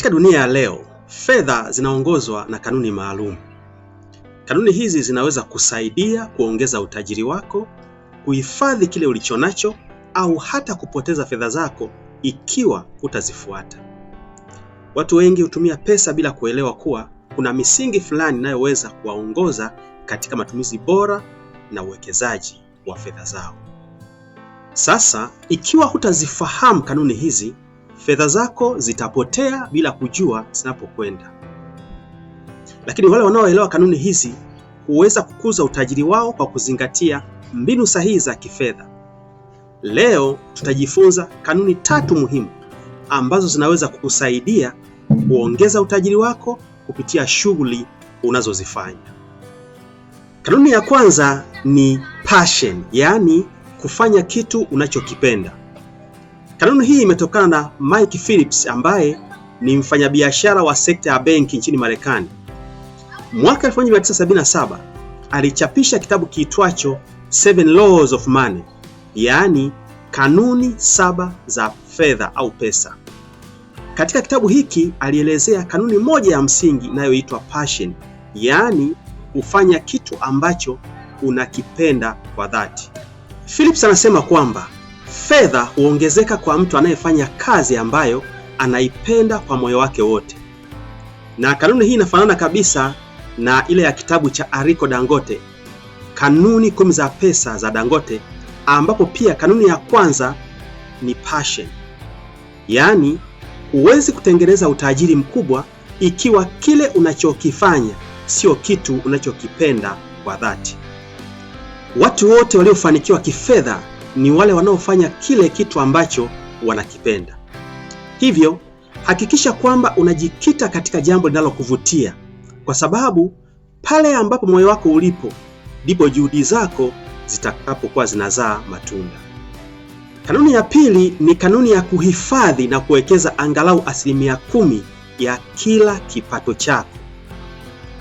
Katika dunia ya leo, fedha zinaongozwa na kanuni maalum. Kanuni hizi zinaweza kusaidia kuongeza utajiri wako, kuhifadhi kile ulicho nacho, au hata kupoteza fedha zako ikiwa utazifuata. Watu wengi hutumia pesa bila kuelewa kuwa kuna misingi fulani inayoweza kuwaongoza katika matumizi bora na uwekezaji wa fedha zao. Sasa, ikiwa hutazifahamu kanuni hizi fedha zako zitapotea bila kujua zinapokwenda. Lakini wale wanaoelewa kanuni hizi huweza kukuza utajiri wao kwa kuzingatia mbinu sahihi za kifedha. Leo tutajifunza kanuni tatu muhimu ambazo zinaweza kukusaidia kuongeza utajiri wako kupitia shughuli unazozifanya. Kanuni ya kwanza ni passion, yaani kufanya kitu unachokipenda. Kanuni hii imetokana na Mike Phillips ambaye ni mfanyabiashara wa sekta ya benki nchini Marekani. Mwaka 1977 alichapisha kitabu kiitwacho Seven Laws of Money, yaani kanuni saba za fedha au pesa. Katika kitabu hiki alielezea kanuni moja ya msingi inayoitwa passion, yaani kufanya kitu ambacho unakipenda kwa dhati. Phillips anasema kwamba Fedha huongezeka kwa mtu anayefanya kazi ambayo anaipenda kwa moyo wake wote, na kanuni hii inafanana kabisa na ile ya kitabu cha Aliko Dangote, kanuni kumi za pesa za Dangote, ambapo pia kanuni ya kwanza ni passion, yaani huwezi kutengeneza utajiri mkubwa ikiwa kile unachokifanya sio kitu unachokipenda kwa dhati. Watu wote waliofanikiwa kifedha ni wale wanaofanya kile kitu ambacho wanakipenda. Hivyo hakikisha kwamba unajikita katika jambo linalokuvutia, kwa sababu pale ambapo moyo wako ulipo ndipo juhudi zako zitakapokuwa zinazaa matunda. Kanuni ya pili ni kanuni ya kuhifadhi na kuwekeza angalau asilimia kumi ya kila kipato chako,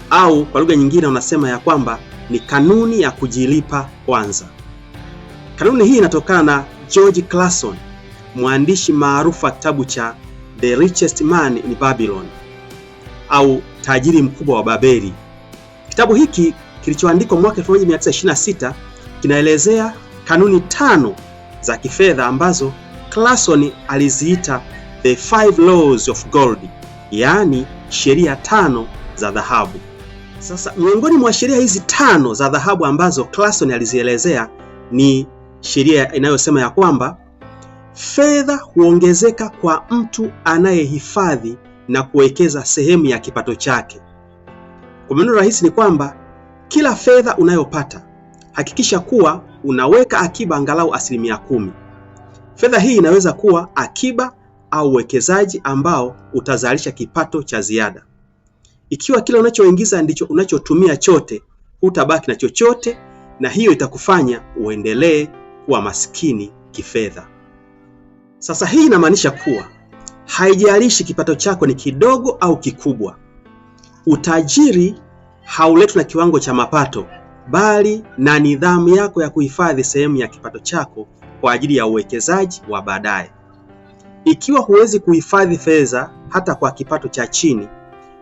au kwa lugha nyingine unasema ya kwamba ni kanuni ya kujilipa kwanza. Kanuni hii inatokana na George Clason, mwandishi maarufu wa kitabu cha The Richest Man in Babylon au tajiri mkubwa wa Babeli. Kitabu hiki kilichoandikwa mwaka 1926 kinaelezea kanuni tano za kifedha ambazo Clason aliziita The Five Laws of Gold, yaani sheria tano za dhahabu. Sasa miongoni mwa sheria hizi tano za dhahabu ambazo Clason alizielezea ni sheria inayosema ya kwamba fedha huongezeka kwa mtu anayehifadhi na kuwekeza sehemu ya kipato chake. Kwa maneno rahisi ni kwamba kila fedha unayopata hakikisha kuwa unaweka akiba angalau asilimia kumi. Fedha hii inaweza kuwa akiba au uwekezaji ambao utazalisha kipato cha ziada. Ikiwa kila unachoingiza ndicho unachotumia chote, hutabaki na chochote, na hiyo itakufanya uendelee kuwa maskini kifedha. Sasa hii inamaanisha kuwa haijalishi kipato chako ni kidogo au kikubwa, utajiri hauletwi na kiwango cha mapato, bali na nidhamu yako ya kuhifadhi sehemu ya kipato chako kwa ajili ya uwekezaji wa baadaye. Ikiwa huwezi kuhifadhi fedha hata kwa kipato cha chini,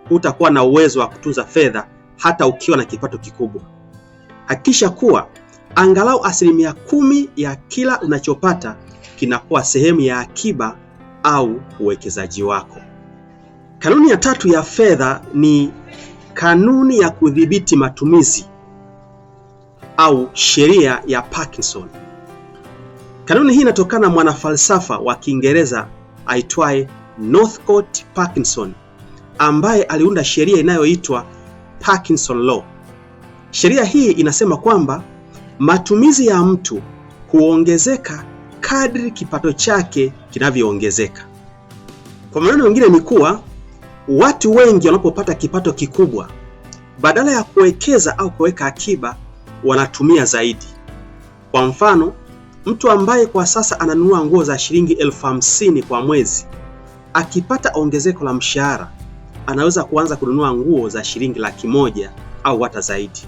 utakuwa na uwezo wa kutunza fedha hata ukiwa na kipato kikubwa. Hakikisha kuwa angalau asilimia kumi ya kila unachopata kinakuwa sehemu ya akiba au uwekezaji wako. Kanuni ya tatu ya fedha ni kanuni ya kudhibiti matumizi au sheria ya Parkinson. Kanuni hii inatokana na mwanafalsafa wa Kiingereza aitwaye Northcote Parkinson ambaye aliunda sheria inayoitwa Parkinson Law. Sheria hii inasema kwamba Matumizi ya mtu huongezeka kadri kipato chake kinavyoongezeka. Kwa maneno mengine ni kuwa watu wengi wanapopata kipato kikubwa, badala ya kuwekeza au kuweka akiba, wanatumia zaidi. Kwa mfano, mtu ambaye kwa sasa ananunua nguo za shilingi elfu hamsini kwa mwezi, akipata ongezeko la mshahara, anaweza kuanza kununua nguo za shilingi laki moja au hata zaidi.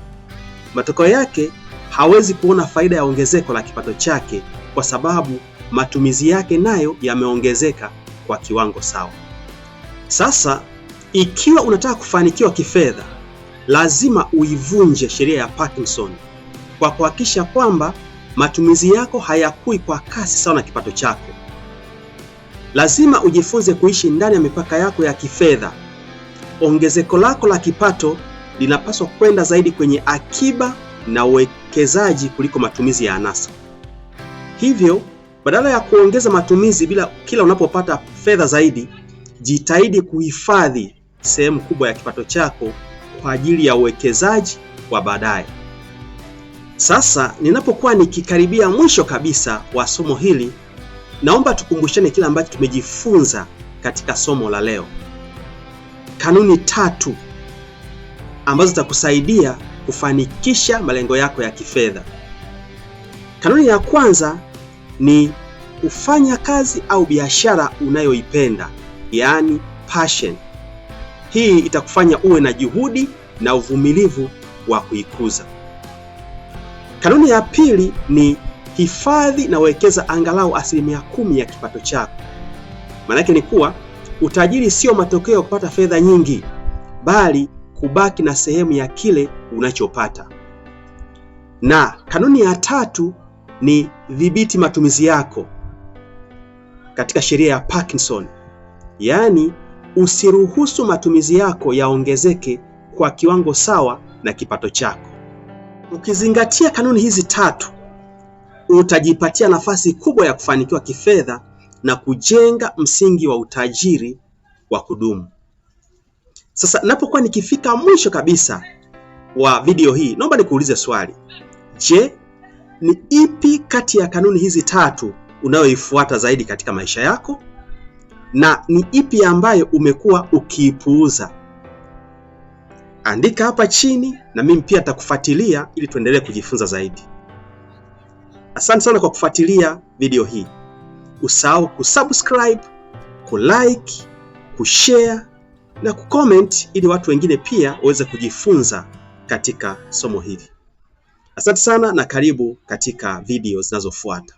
Matokeo yake hawezi kuona faida ya ongezeko la kipato chake kwa sababu matumizi yake nayo yameongezeka kwa kiwango sawa. Sasa ikiwa unataka kufanikiwa kifedha, lazima uivunje sheria ya Parkinson kwa kuhakikisha kwamba matumizi yako hayakui kwa kasi sawa na kipato chako. Lazima ujifunze kuishi ndani ya mipaka yako ya kifedha. Ongezeko lako la kipato linapaswa kwenda zaidi kwenye akiba na uwekezaji kuliko matumizi ya anasa. Hivyo, badala ya kuongeza matumizi bila kila unapopata fedha zaidi, jitahidi kuhifadhi sehemu kubwa ya kipato chako kwa ajili ya uwekezaji wa baadaye. Sasa ninapokuwa nikikaribia mwisho kabisa wa somo hili, naomba tukumbushane kile ambacho tumejifunza katika somo la leo. Kanuni tatu ambazo zitakusaidia kufanikisha malengo yako ya kifedha. Kanuni ya kwanza ni kufanya kazi au biashara unayoipenda, yaani passion. Hii itakufanya uwe na juhudi na uvumilivu wa kuikuza. Kanuni ya pili ni hifadhi na wekeza angalau asilimia kumi ya kipato chako. Maana yake ni kuwa utajiri sio matokeo ya kupata fedha nyingi, bali kubaki na sehemu ya kile unachopata. Na kanuni ya tatu ni dhibiti matumizi yako katika sheria ya Parkinson, yaani usiruhusu matumizi yako yaongezeke kwa kiwango sawa na kipato chako. Ukizingatia kanuni hizi tatu, utajipatia nafasi kubwa ya kufanikiwa kifedha na kujenga msingi wa utajiri wa kudumu. Sasa napokuwa nikifika mwisho kabisa wa video hii, naomba nikuulize swali. Je, ni ipi kati ya kanuni hizi tatu unayoifuata zaidi katika maisha yako, na ni ipi ambayo umekuwa ukiipuuza? Andika hapa chini, na mimi pia nitakufuatilia ili tuendelee kujifunza zaidi. Asante sana kwa kufuatilia video hii. Usahau kusubscribe, kulike, kushare na kucomment ili watu wengine pia waweze kujifunza katika somo hili. Asante sana na karibu katika video zinazofuata.